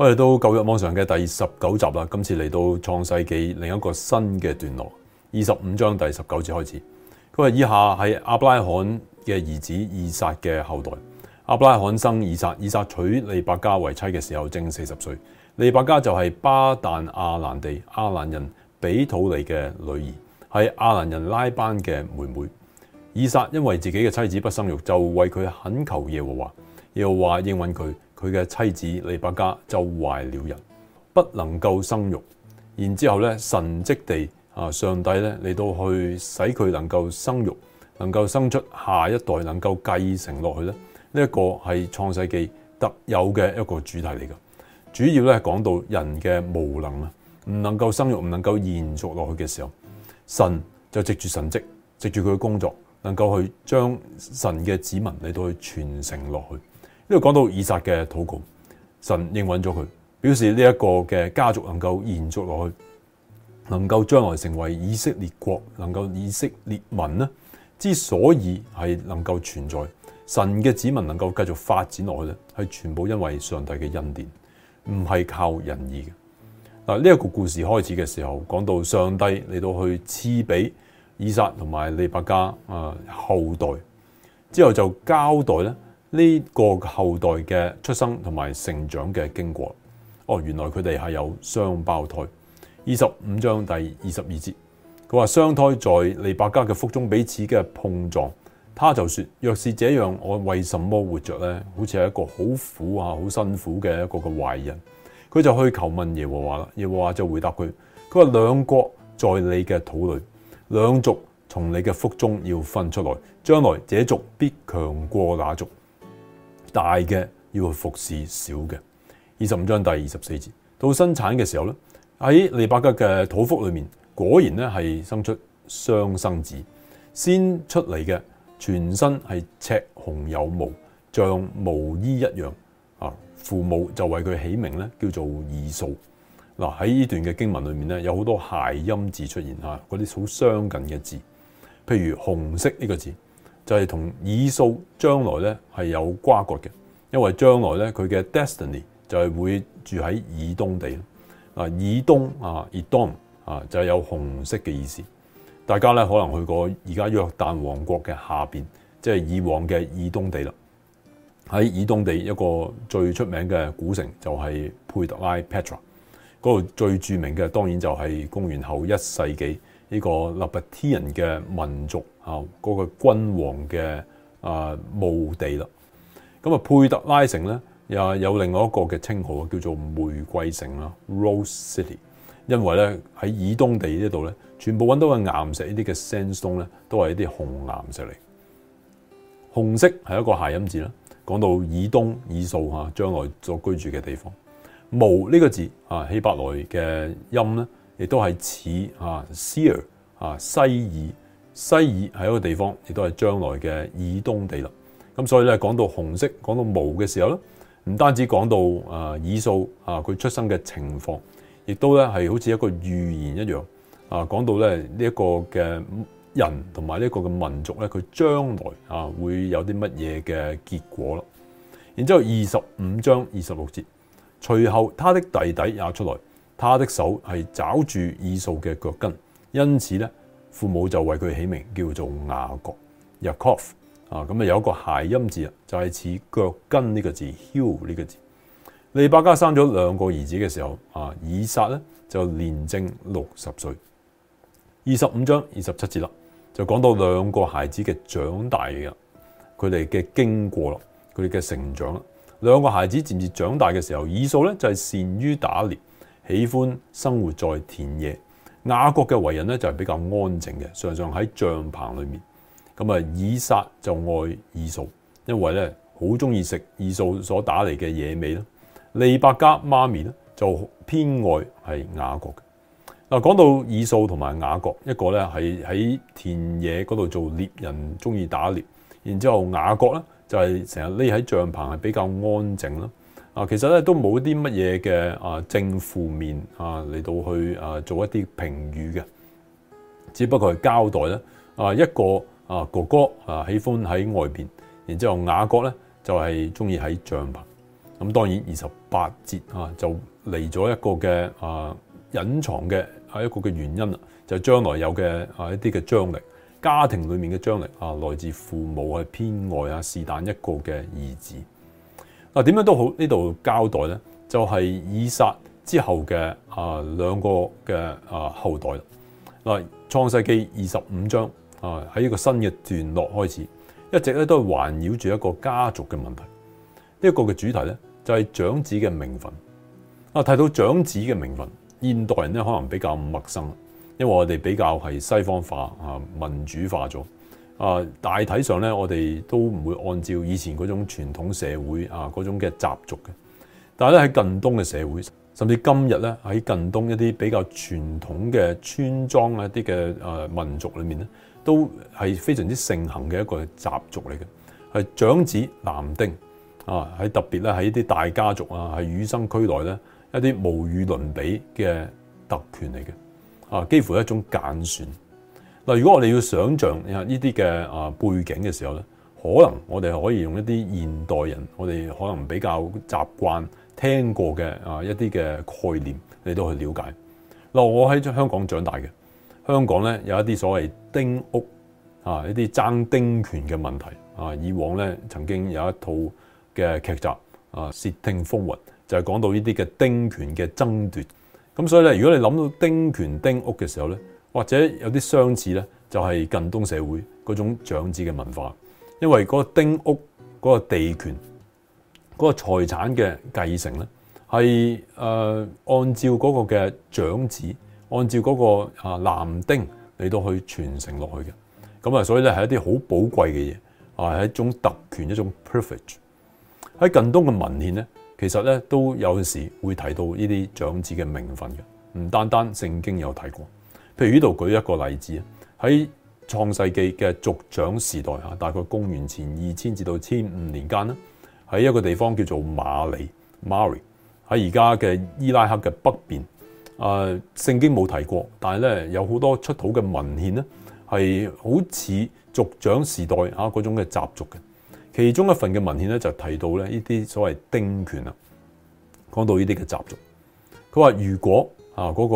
我哋到《舊約》網上嘅第十九集啦，今次嚟到創世紀另一個新嘅段落，二十五章第十九節開始。佢話以下係亞伯拉罕嘅兒子以撒嘅後代。亞伯拉罕生以撒，以撒娶利百加為妻嘅時候正四十歲。利百加就係巴旦阿蘭地阿蘭人比土利嘅女兒，係阿蘭人拉班嘅妹妹。以撒因為自己嘅妻子不生育，就為佢懇求耶和華，耶和華應允佢。佢嘅妻子利百加就懷了人，不能夠生育。然之後咧，神跡地啊，上帝咧嚟到去使佢能夠生育，能夠生出下一代，能夠繼承落去咧。呢一個係創世紀特有嘅一個主題嚟噶。主要咧講到人嘅無能啊，唔能夠生育，唔能夠延續落去嘅時候，神就藉住神跡，藉住佢嘅工作，能夠去將神嘅子民嚟到去傳承落去。呢度講到以撒嘅禱告，神應允咗佢，表示呢一個嘅家族能夠延續落去，能夠將來成為以色列國，能夠以色列民呢，之所以係能夠存在，神嘅子民能夠繼續發展落去咧，係全部因為上帝嘅恩典，唔係靠人意嘅。嗱，呢一個故事開始嘅時候，講到上帝嚟到去賜俾以撒同埋利百加啊後代，之後就交代咧。呢個後代嘅出生同埋成長嘅經過，哦，原來佢哋係有雙胞胎。二十五章第二十二節，佢話雙胎在利百加嘅腹中彼此嘅碰撞。他就說：若是這樣，我為什麼活着呢？好似係一個好苦啊，好辛苦嘅一個嘅壞人。佢就去求問耶和華啦。耶和華就回答佢：佢話兩國在你嘅肚裏，兩族從你嘅腹中要分出來，將來這族必強過那族。大嘅要去服侍小嘅，二十五章第二十四節，到生產嘅時候咧，喺利百加嘅肚腹裏面，果然咧係生出雙生子，先出嚟嘅全身係赤紅有毛，像毛衣一樣啊！父母就為佢起名咧，叫做以掃。嗱，喺呢段嘅經文裏面咧，有好多諧音字出現吓，嗰啲好相近嘅字，譬如紅色呢個字。就係同以掃將來咧係有瓜葛嘅，因為將來咧佢嘅 destiny 就係會住喺以東地。啊，以東啊，Edom 啊，就係有紅色嘅意思。大家咧可能去過而家約旦王國嘅下邊，即係以往嘅以東地啦。喺以東地一個最出名嘅古城就係佩特拉 Petra，嗰度最著名嘅當然就係公元後一世紀呢個納巴蒂人嘅民族。啊，嗰個君王嘅啊墓地啦，咁啊佩特拉城咧，又有另外一個嘅稱號叫做玫瑰城啦 （Rose City），因為咧喺以東地呢度咧，全部搵到嘅岩石呢啲嘅 sandstone 咧，都係一啲紅岩石嚟。紅色係一個諧音字啦，講到以東以掃啊，將來所居住嘅地方。毛呢個字啊，希伯來嘅音咧，亦都係似啊西爾啊西爾。西爾西耳係一個地方，亦都係將來嘅以東地啦。咁所以咧，講到紅色，講到毛嘅時候咧，唔單止講到啊以掃啊佢出生嘅情況，亦都咧係好似一個預言一樣啊，講到咧呢一個嘅人同埋呢一個嘅民族咧，佢將來啊會有啲乜嘢嘅結果咯。然之後二十五章二十六節，隨後他的弟弟也出來，他的手係抓住以掃嘅腳跟，因此咧。父母就為佢起名叫做雅各，Yakov 啊，咁啊有一個諧音字啊，就係、是、似腳跟呢個字，heel 呢個字。利百加生咗兩個兒子嘅時候啊，以撒咧就年正六十歲。二十五章二十七節啦，就講到兩個孩子嘅長大啊，佢哋嘅經過啦，佢哋嘅成長啦。兩個孩子漸漸長大嘅時候，以掃咧就係善於打獵，喜歡生活在田野。雅各嘅為人咧就係比較安靜嘅，常常喺帳篷裏面。咁啊，以撒就愛以掃，因為咧好中意食以掃所打嚟嘅野味啦。利百加媽咪咧就偏愛係雅各嘅。嗱，講到以掃同埋雅各，一個咧係喺田野嗰度做獵人，中意打獵；然之後雅各咧就係成日匿喺帳篷，係比較安靜啦。啊，其實咧都冇啲乜嘢嘅啊正負面啊嚟到去啊做一啲評語嘅，只不過係交代咧啊一個啊哥哥啊喜歡喺外邊，然之後雅各咧就係中意喺帳篷。咁當然二十八節啊就嚟咗一個嘅啊隱藏嘅啊一個嘅原因啦，就將來有嘅啊一啲嘅張力，家庭裡面嘅張力啊來自父母係偏愛啊是但一個嘅兒子。嗱，點樣都好，呢度交代呢就係以撒之後嘅啊兩個嘅啊後代啦。嗱，《創世記》二十五章啊，喺呢個新嘅段落開始，一直咧都係環繞住一個家族嘅問題。呢一個嘅主題呢，就係長子嘅名分。啊，提到長子嘅名分，現代人呢可能比較陌生，因為我哋比較係西方化啊民主化咗。啊，大體上咧，我哋都唔會按照以前嗰種傳統社會啊嗰種嘅習俗嘅。但係咧喺近東嘅社會，甚至今日咧喺近東一啲比較傳統嘅村莊一啲嘅誒民族裏面咧，都係非常之盛行嘅一個習俗嚟嘅，係長子男丁啊，係特別咧喺一啲大家族啊，係與生俱來咧一啲無與倫比嘅特權嚟嘅，啊，幾乎係一種揀選。如果我哋要想象呢啲嘅啊背景嘅時候咧，可能我哋可以用一啲現代人，我哋可能比較習慣聽過嘅啊一啲嘅概念你都去了解。嗱，我喺香港長大嘅，香港咧有一啲所謂丁屋啊，一啲爭丁權嘅問題啊，以往咧曾經有一套嘅劇集啊《舌聽風雲》，就係、是、講到呢啲嘅丁權嘅爭奪。咁所以咧，如果你諗到丁權丁屋嘅時候咧，或者有啲相似咧，就係近東社會嗰種長子嘅文化，因為嗰個丁屋嗰個地權嗰個財產嘅繼承咧，係按照嗰個嘅長子，按照嗰個啊男丁，你都去傳承落去嘅。咁啊，所以咧係一啲好寶貴嘅嘢啊，係一種特權，一種 privilege。喺近東嘅文獻咧，其實咧都有時會提到呢啲長子嘅名分嘅，唔單單聖經有睇過。譬如呢度舉一個例子啊，喺創世紀嘅族長時代啊，大概公元前二千至到千五年間啦，喺一個地方叫做馬里 （Mary），喺而家嘅伊拉克嘅北邊。啊，聖經冇提過，但係咧有好多出土嘅文獻咧，係好似族長時代嚇嗰種嘅習俗嘅。其中一份嘅文獻咧就提到咧呢啲所謂丁權啊，講到呢啲嘅習俗。佢話如果啊，嗰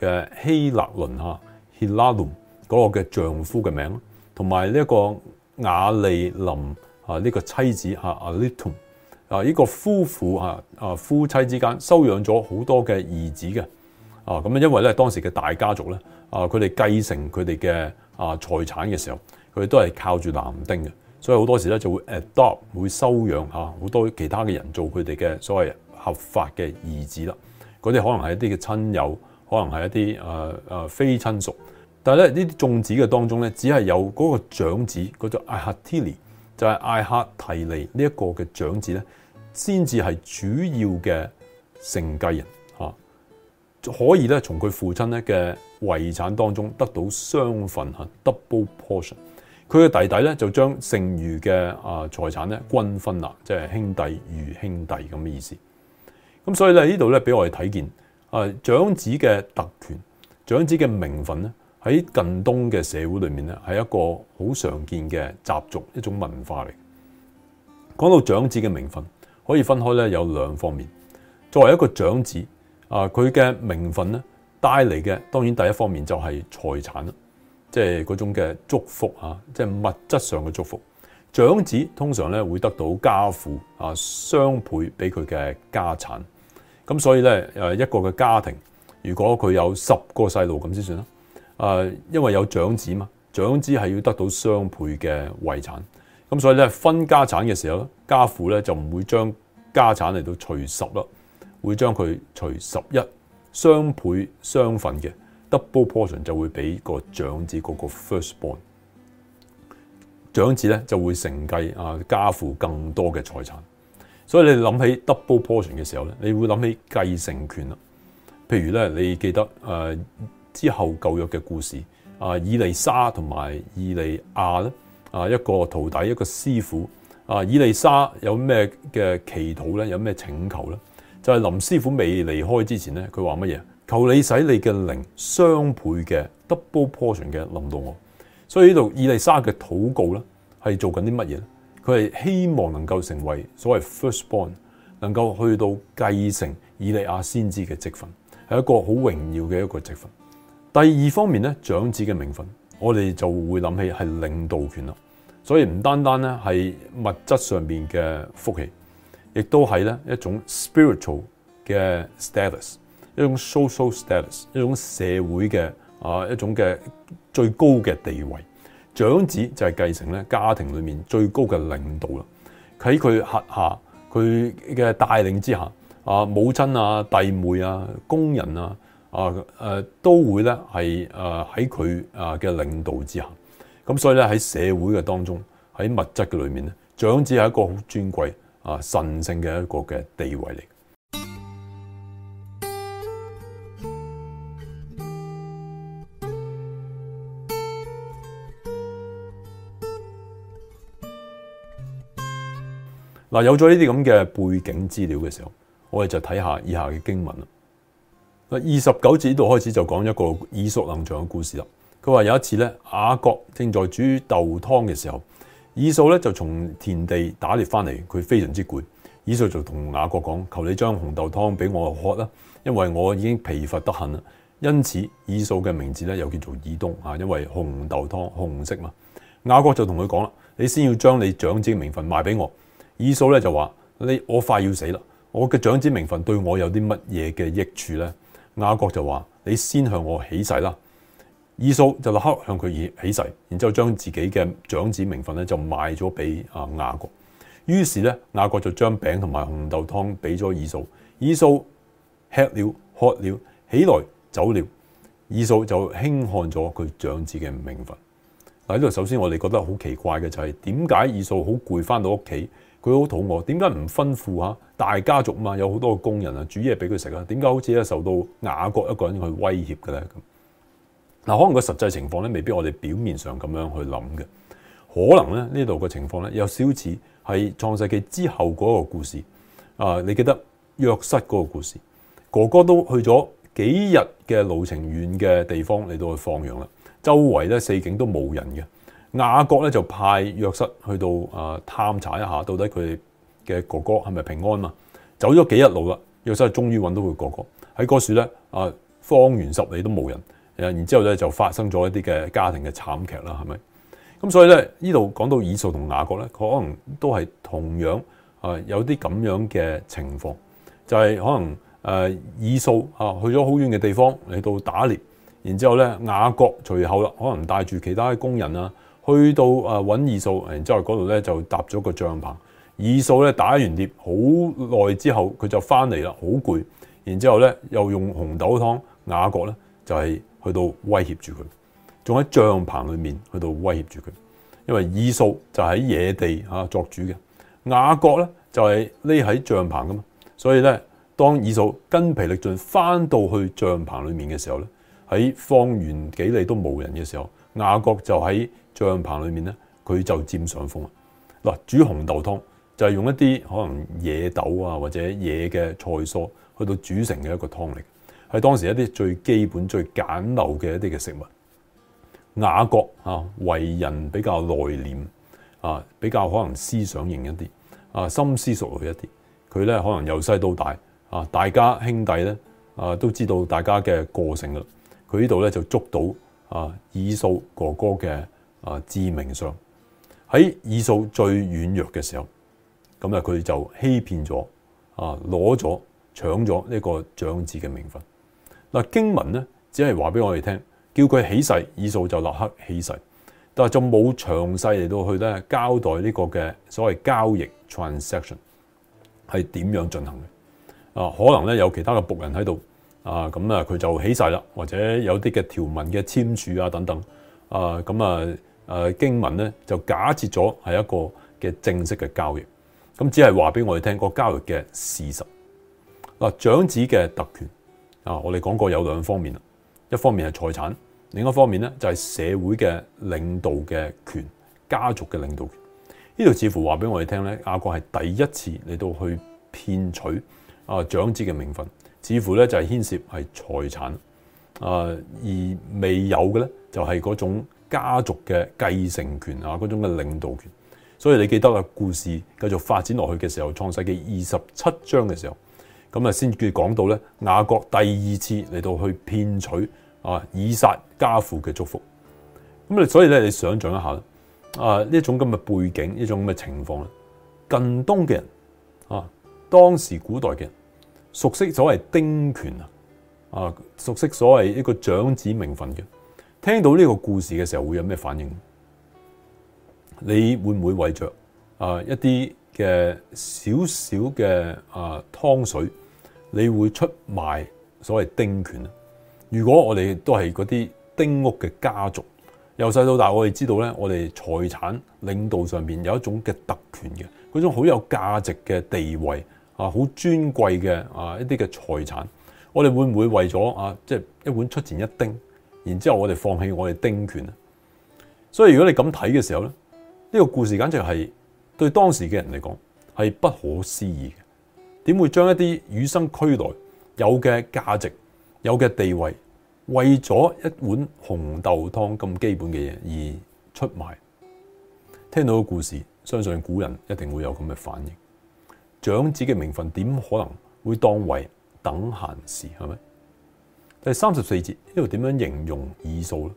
個嘅希勒倫哈 Hilalum 嗰、um, 個嘅丈夫嘅名，同埋呢一個亞利林啊，呢、呢個妻子啊阿 Alitum 啊，呢、um, 個夫婦啊啊，夫妻之間收養咗好多嘅兒子嘅啊，咁啊，因為咧當時嘅大家族咧啊，佢哋繼承佢哋嘅啊財產嘅時候，佢哋都係靠住男丁嘅，所以好多時咧就會 adopt 會收養啊好多其他嘅人做佢哋嘅所謂合法嘅兒子啦。嗰啲可能係一啲嘅親友，可能係一啲誒誒非親屬，但係咧呢啲種子嘅當中咧，只係有嗰個長子叫做艾克提尼，就係艾克提尼呢一個嘅長子咧，先至係主要嘅承繼人嚇、啊，可以咧從佢父親咧嘅遺產當中得到雙份嚇 double portion。佢嘅弟弟咧就將剩餘嘅啊財產咧均分啦，即係兄弟如兄弟咁嘅意思。咁所以咧，呢度咧俾我哋睇見啊，長子嘅特權、長子嘅名分咧，喺近東嘅社會裏面咧，係一個好常見嘅習俗、一種文化嚟。講到長子嘅名分，可以分開咧有兩方面。作為一個長子啊，佢嘅名分咧帶嚟嘅，當然第一方面就係財產啦，即係嗰種嘅祝福啊，即係物質上嘅祝福。長子通常咧會得到家父啊雙倍俾佢嘅家產。咁所以咧，誒一個嘅家庭，如果佢有十個細路咁先算啦。誒，因為有長子嘛，長子係要得到雙倍嘅遺產。咁所以咧，分家產嘅時候咧，家父咧就唔會將家產嚟到除十咯，會將佢除十一，雙倍雙份嘅 double portion 就會俾個長子嗰個 first born。長子咧就會承繼啊家父更多嘅財產。所以你諗起 double portion 嘅時候咧，你會諗起繼承權啦。譬如咧，你記得誒、呃、之後舊約嘅故事啊、呃，以利沙同埋以利亞咧啊、呃，一個徒弟一個師傅啊、呃，以利沙有咩嘅祈禱咧，有咩請求咧？就係、是、林師傅未離開之前咧，佢話乜嘢？求你使你嘅靈雙倍嘅 double portion 嘅臨到我。所以呢度以利沙嘅禱告咧，係做緊啲乜嘢咧？佢係希望能夠成為所謂 firstborn，能夠去到繼承以利亞先知嘅職分，係一個好榮耀嘅一個職分。第二方面咧，長子嘅名分，我哋就會諗起係領導權咯，所以唔單單咧係物質上面嘅福氣，亦都係咧一種 spiritual 嘅 status，一種 social status，一種社會嘅啊一種嘅最高嘅地位。長子就係繼承咧家庭裡面最高嘅領導啦，喺佢轄下佢嘅帶領之下，母親啊母親啊弟妹啊工人啊啊誒都會咧係誒喺佢啊嘅領導之下，咁所以咧喺社會嘅當中喺物質嘅裡面咧，長子係一個好尊貴啊神聖嘅一個嘅地位嚟。嗱，有咗呢啲咁嘅背景資料嘅時候，我哋就睇下以下嘅經文啦。嗱，二十九節呢度開始就講一個耳熟能詳嘅故事啦。佢話有一次咧，雅各正在煮豆湯嘅時候，以掃咧就從田地打獵翻嚟，佢非常之攰。以掃就同雅各講：求你將紅豆湯俾我喝啦，因為我已經疲乏得很啦。因此，以掃嘅名字咧又叫做以東，啊，因為紅豆湯紅色嘛。雅各就同佢講啦：你先要將你長子嘅名份賣俾我。以掃咧就話：你我快要死啦，我嘅長子名分對我有啲乜嘢嘅益處呢？雅各就話：你先向我起誓啦。以掃就立刻向佢起誓，然之後將自己嘅長子名分咧就賣咗俾雅各。於是咧，雅各就將餅同埋紅豆湯俾咗以掃。以掃吃了，喝了，起來走了。以掃就輕看咗佢長子嘅名分。嗱，呢度首先我哋覺得好奇怪嘅就係點解以掃好攰，翻到屋企？佢好肚餓，點解唔吩咐吓大家族嘛？有好多工人啊，煮嘢俾佢食啊？點解好似啊受到雅各一個人威脅，呢去威脅嘅咧？咁嗱，可能個實際情況咧，未必我哋表面上咁樣去諗嘅，可能咧呢度嘅情況咧，有少似係創世記之後嗰個故事啊！你記得約瑟嗰個故事，哥哥都去咗幾日嘅路程遠嘅地方嚟到去放羊啦，周圍咧四境都冇人嘅。雅各咧就派約瑟去到啊，探查一下到底佢嘅哥哥係咪平安啊。走咗幾日路啦，約瑟終於揾到佢哥哥喺嗰時咧啊，方圓十里都冇人誒，然之後咧就發生咗一啲嘅家庭嘅慘劇啦，係咪？咁所以咧呢度講到以掃同雅各咧，佢可能都係同樣有啲咁樣嘅情況，就係、是、可能誒以掃啊去咗好遠嘅地方嚟到打獵，然之後咧雅各隨後啦，可能帶住其他嘅工人啊。去到啊揾以掃，然之後嗰度咧就搭咗個帳棚。以掃咧打完獵好耐之後，佢就翻嚟啦，好攰。然之後咧又用紅豆湯。雅各咧就係去到威脅住佢，仲喺帳棚裏面去到威脅住佢，因為以掃就喺野地嚇作主嘅，雅各咧就係匿喺帳棚噶嘛。所以咧，當以掃筋疲力盡翻到去帳棚裏面嘅時候咧，喺方圓幾里都冇人嘅時候，雅各就喺帳棚裏面咧，佢就佔上風啊！嗱，煮紅豆湯就係、是、用一啲可能野豆啊，或者野嘅菜蔬去到煮成嘅一個湯嚟，係當時一啲最基本、最簡陋嘅一啲嘅食物。雅各啊，為人比較內斂啊，比較可能思想型一啲啊，深思熟慮一啲。佢咧可能由細到大啊，大家兄弟咧啊，都知道大家嘅個性啦。佢呢度咧就捉到啊，以掃哥哥嘅。啊！致命傷喺以掃最軟弱嘅時候，咁啊佢就欺騙咗，啊攞咗搶咗呢個長子嘅名分。嗱，經文咧只係話俾我哋聽，叫佢起誓，以掃就立刻起誓，但係就冇詳細嚟到去咧交代呢個嘅所謂交易 transaction 係點樣進行嘅。啊，可能咧有其他嘅僕人喺度，啊咁啊佢就起誓啦，或者有啲嘅條文嘅簽署啊等等，啊咁啊～誒經文咧就假設咗係一個嘅正式嘅交易，咁只係話俾我哋聽個交易嘅事實。嗱，長子嘅特權啊，我哋講過有兩方面啦，一方面係財產，另一方面咧就係社會嘅領導嘅權，家族嘅領導權。呢度似乎話俾我哋聽咧，雅各係第一次嚟到去騙取啊長子嘅名分，似乎咧就係牽涉係財產啊，而未有嘅咧就係嗰種。家族嘅繼承權啊，嗰種嘅領導權，所以你記得啦，故事繼續發展落去嘅時候，創世紀二十七章嘅時候，咁啊先至講到咧雅各第二次嚟到去騙取啊以撒家父嘅祝福。咁你，所以咧你想象一下啦，啊呢一種咁嘅背景，呢種咁嘅情況啦，近東嘅人啊，當時古代嘅人熟悉所謂丁權啊，啊熟悉所謂一個長子名分嘅。聽到呢個故事嘅時候，會有咩反應？你會唔會為着啊一啲嘅少少嘅啊湯水，你會出賣所謂丁權啊？如果我哋都係嗰啲丁屋嘅家族，由細到大，我哋知道咧，我哋財產領導上面有一種嘅特權嘅，嗰種好有價值嘅地位啊，好尊貴嘅啊一啲嘅財產，我哋會唔會為咗啊即係一碗出前一丁？然之後我哋放棄我哋丁權啊，所以如果你咁睇嘅時候咧，呢個故事簡直係對當時嘅人嚟講係不可思議嘅，點會將一啲與生俱來有嘅價值、有嘅地位，為咗一碗紅豆湯咁基本嘅嘢而出賣？聽到個故事，相信古人一定會有咁嘅反應。長子嘅名分點可能會當為等閒事係咪？第三十四節呢度點樣形容以掃咧？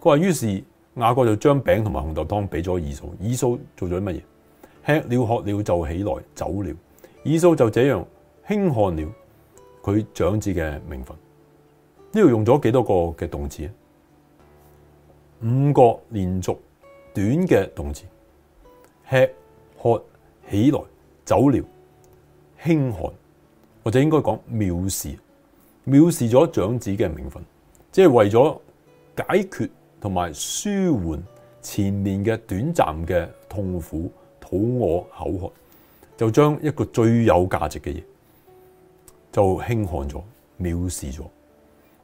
佢話於是雅各就將餅同埋紅豆湯俾咗以掃。以掃做咗乜嘢？吃了喝了就起來走了。以掃就這樣輕看了佢長子嘅名分。呢度用咗幾多個嘅動詞啊？五個連續短嘅動詞：吃、喝、起來、走了、輕看，或者應該講藐視。藐視咗長子嘅名分，即係為咗解決同埋舒緩前面嘅短暫嘅痛苦，肚餓、口渴，就將一個最有價值嘅嘢就輕看咗、藐視咗。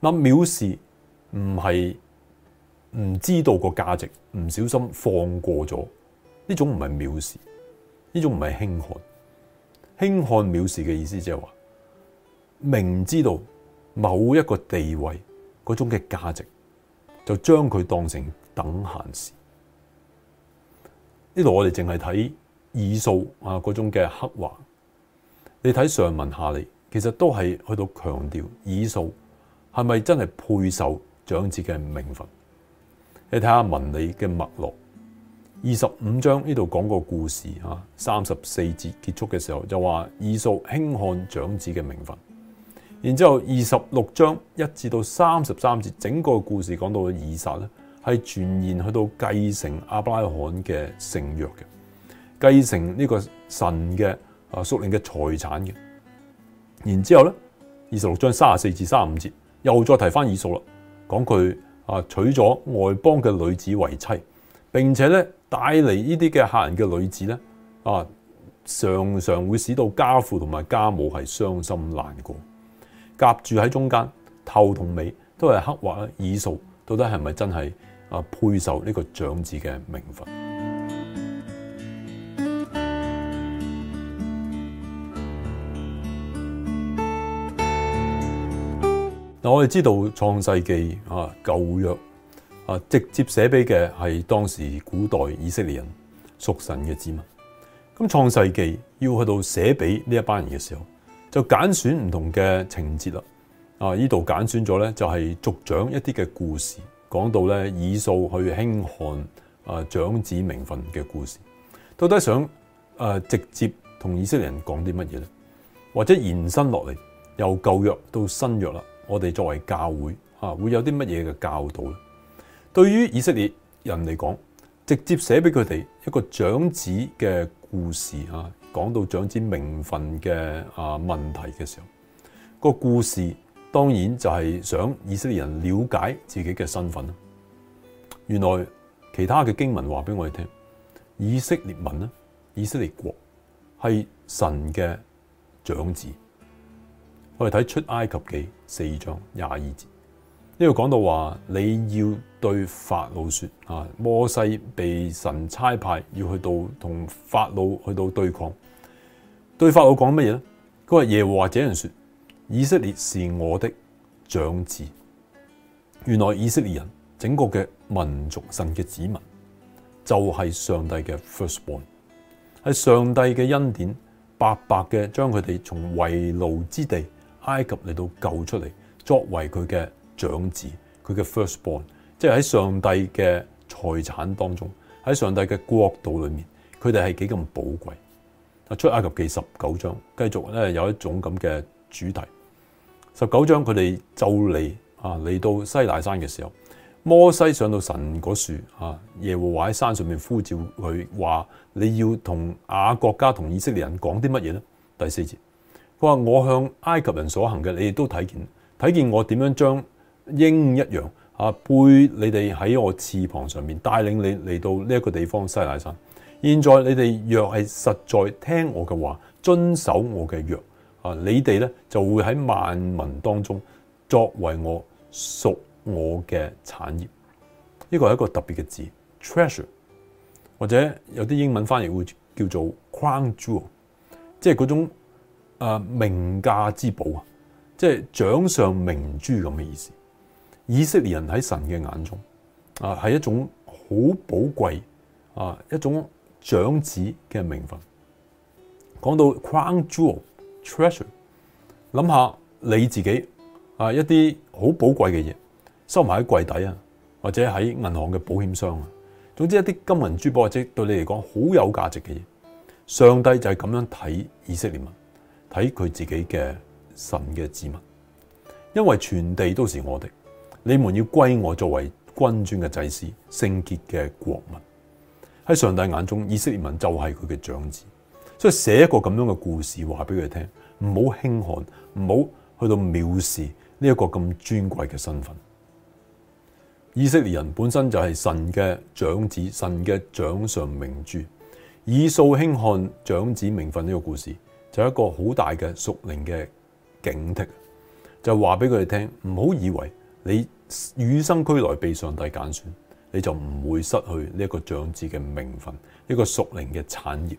嗱，藐視唔係唔知道個價值，唔小心放過咗。呢種唔係藐視，呢種唔係輕看。輕看藐視嘅意思即係話明知道，某一個地位嗰種嘅價值，就將佢當成等閒事。呢度我哋淨係睇以掃啊嗰種嘅刻畫，你睇上文下理，其實都係去到強調以掃係咪真係配受長子嘅名分？你睇下文理嘅脈絡，二十五章呢度講個故事啊，三十四節結束嘅時候就話以掃輕看長子嘅名分。然之後，二十六章一至到三十三節，整個故事講到以撒咧，係傳言去到繼承亞伯拉罕嘅聖約嘅，繼承呢個神嘅啊，所領嘅財產嘅。然之後咧，二十六章三十四至三十五節又再提翻以掃啦，講佢啊娶咗外邦嘅女子為妻，並且咧帶嚟呢啲嘅客人嘅女子咧，啊常常會使到家父同埋家母係傷心難過。夾住喺中間，頭同尾都係刻畫以掃到底係咪真係啊？配受呢個長子嘅名分？嗱，我哋知道創世記啊，舊約啊，直接寫俾嘅係當時古代以色列人屬神嘅子民。咁創世記要去到寫俾呢一班人嘅時候。就揀選唔同嘅情節啦，啊，呢度揀選咗咧就係族長一啲嘅故事，講到咧以掃去輕看啊長子名分嘅故事，到底想誒直接同以色列人講啲乜嘢咧？或者延伸落嚟，由舊約到新約啦，我哋作為教會啊會有啲乜嘢嘅教導咧？對於以色列人嚟講，直接寫俾佢哋一個長子嘅故事啊！講到長子名分嘅，啊問題嘅時候，個故事當然就係想以色列人了解自己嘅身份啦。原來其他嘅經文話俾我哋聽，以色列民呢，以色列國係神嘅長子。我哋睇出埃及記四章廿二節，呢度講到話你要對法老說啊，摩西被神差派要去到同法老去到對抗。對法老講乜嘢咧？佢話耶和華這樣說：以色列是我的長子。原來以色列人整個嘅民族神嘅子民，就係、是、上帝嘅 firstborn，喺上帝嘅恩典白白嘅將佢哋從為奴之地埃及嚟到救出嚟，作為佢嘅長子，佢嘅 firstborn，即係喺上帝嘅財產當中，喺上帝嘅國度裏面，佢哋係幾咁寶貴。啊，出埃及記十九章，繼續咧有一種咁嘅主題。十九章佢哋就嚟啊嚟到西乃山嘅時候，摩西上到神嗰度啊，耶和華喺山上面呼召佢話：說你要同雅各家同以色列人講啲乜嘢咧？第四節，佢話：我向埃及人所行嘅，你哋都睇見，睇見我點樣將鷹一樣啊背你哋喺我翅膀上面，帶領你嚟到呢一個地方西乃山。現在你哋若係實在聽我嘅話，遵守我嘅約，啊，你哋咧就會喺萬民當中作為我屬我嘅產業。呢個係一個特別嘅字，treasure，或者有啲英文翻譯會叫做 crown jewel，即係嗰種誒名價之寶啊，即係掌上明珠咁嘅意思。以色列人喺神嘅眼中啊，係一種好寶貴啊，一種。長子嘅名分，講到 crown jewel treasure，諗下你自己啊，一啲好寶貴嘅嘢，收埋喺櫃底啊，或者喺銀行嘅保險箱啊，總之一啲金銀珠寶或者對你嚟講好有價值嘅嘢，上帝就係咁樣睇以色列民，睇佢自己嘅神嘅子民，因為全地都是我的，你們要歸我作為君尊嘅祭司，聖潔嘅國民。喺上帝眼中，以色列民就係佢嘅長子，所以寫一個咁樣嘅故事話俾佢聽，唔好輕看，唔好去到藐視呢一個咁尊貴嘅身份。以色列人本身就係神嘅長子，神嘅掌上明珠，以掃輕看長子名分呢個故事，就係一個好大嘅屬靈嘅警惕，就話俾佢哋聽，唔好以為你與生俱來被上帝揀選。你就唔會失去呢個長子嘅名分，呢個屬靈嘅產業。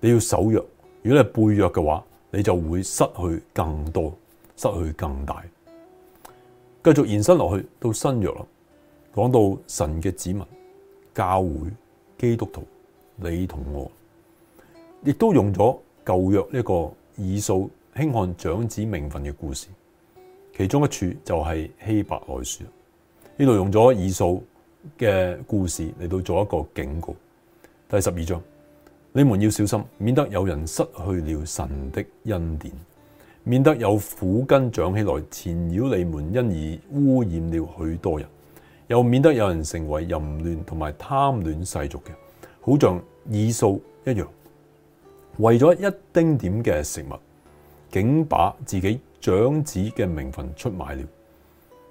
你要守約，如果你係背約嘅話，你就會失去更多，失去更大。繼續延伸落去到新約啦，講到神嘅子民、教會、基督徒，你同我，亦都用咗舊約呢個以掃輕看長子名分嘅故事，其中一處就係希伯來書，呢度用咗以掃。嘅故事嚟到做一個警告。第十二章,你們要小心，免得有人失去了神的恩典，免得有苦根長起來纏繞你們，因而污染了許多人，又免得有人成為淫亂同埋貪戀世俗嘅，好像以掃一樣，為咗一丁點嘅食物，竟把自己長子嘅名分出賣了。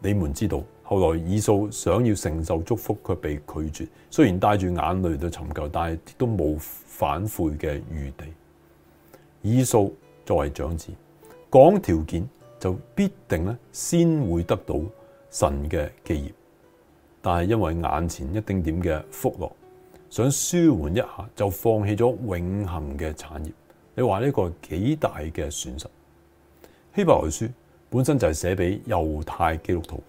你們知道。後來以掃想要承受祝福，佢被拒絕。雖然帶住眼淚去尋求，但係都冇反悔嘅餘地。以掃作為長子，講條件就必定咧，先會得到神嘅基業。但係因為眼前一丁點嘅福樂，想舒緩一下就放棄咗永恆嘅產業，你話呢個幾大嘅損失？希伯來書本身就係寫俾猶太基督徒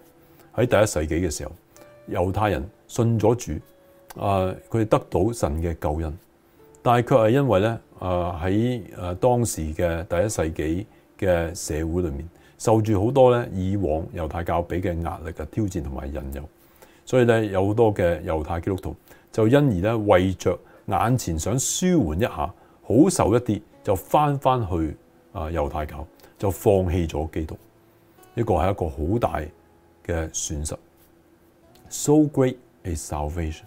喺第一世紀嘅時候，猶太人信咗主，啊、呃，佢哋得到神嘅救恩，但係佢係因為咧，啊喺啊當時嘅第一世紀嘅社會裏面，受住好多咧以往猶太教俾嘅壓力嘅挑戰同埋引誘，所以咧有好多嘅猶太基督徒就因而咧為着眼前想舒緩一下，好受一啲，就翻翻去啊猶太教，就放棄咗基督，呢個係一個好大嘅損失，so great a salvation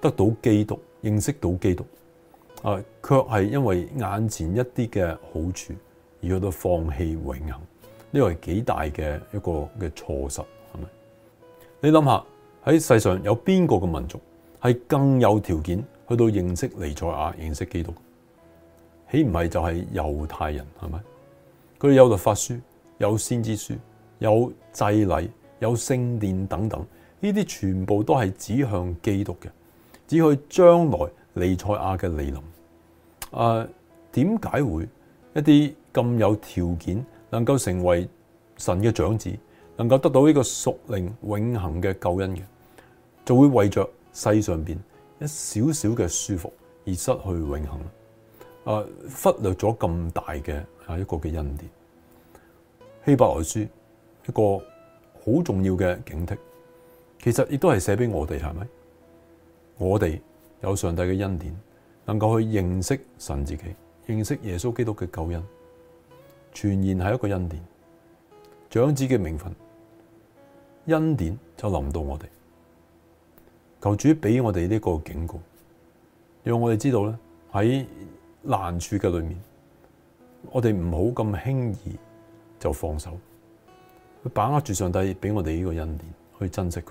得到基督，認識到基督，啊、呃，卻係因為眼前一啲嘅好處而去到放棄永恆，呢、這個係幾大嘅一個嘅錯失，係咪？你諗下喺世上有邊個嘅民族係更有條件去到認識尼賽亞、認識基督？豈唔係就係猶太人？係咪？佢哋有律法書，有先知書，有祭禮。有聖殿等等，呢啲全部都係指向基督嘅，指向將來彌賽亞嘅來臨。誒、呃，點解會一啲咁有條件能夠成為神嘅長子，能夠得到呢個屬靈永恆嘅救恩嘅，就會為着世上邊一少少嘅舒服而失去永恆，誒、呃，忽略咗咁大嘅啊一個嘅恩典。希伯來書一個。好重要嘅警惕，其實亦都係寫俾我哋，係咪？我哋有上帝嘅恩典，能夠去認識神自己，認識耶穌基督嘅救恩，全然係一個恩典。長子嘅名分，恩典就臨到我哋。求主俾我哋呢個警告，讓我哋知道咧喺難處嘅裏面，我哋唔好咁輕易就放手。把握住上帝俾我哋呢個恩典，去珍惜佢。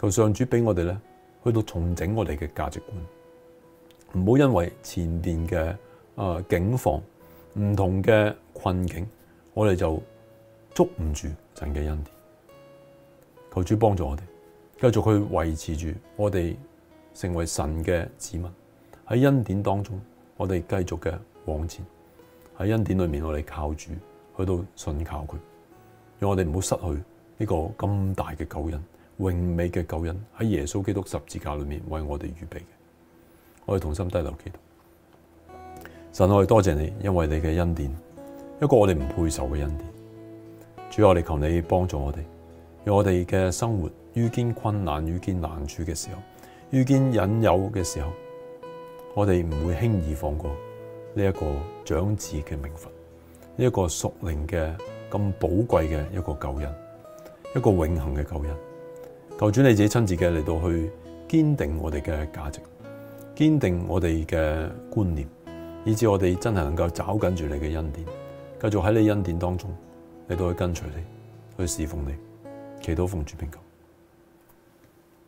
求上主俾我哋咧，去到重整我哋嘅價值觀，唔好因為前邊嘅誒境況唔同嘅困境，我哋就捉唔住神嘅恩典。求主幫助我哋，繼續去維持住我哋成為神嘅子民。喺恩典當中，我哋繼續嘅往前，喺恩典裏面我們，我哋靠主去到信靠佢。讓我哋唔好失去呢個咁大嘅救恩，永美嘅救恩喺耶穌基督十字架裏面為我哋預備嘅。我哋同心低頭祈禱，神，我哋多謝你，因為你嘅恩典，一個我哋唔配受嘅恩典。主啊，我哋求你幫助我哋，讓我哋嘅生活遇見困難，遇見難處嘅時候，遇見引誘嘅時候，我哋唔會輕易放過呢一個長子嘅名分，呢、這、一個屬靈嘅。咁寶貴嘅一個救恩，一個永恒嘅救恩，求主你自己親自嘅嚟到去堅定我哋嘅價值，堅定我哋嘅觀念，以至我哋真係能夠抓緊住你嘅恩典，繼續喺你恩典當中嚟到去跟隨你，去侍奉你，祈禱奉主名求。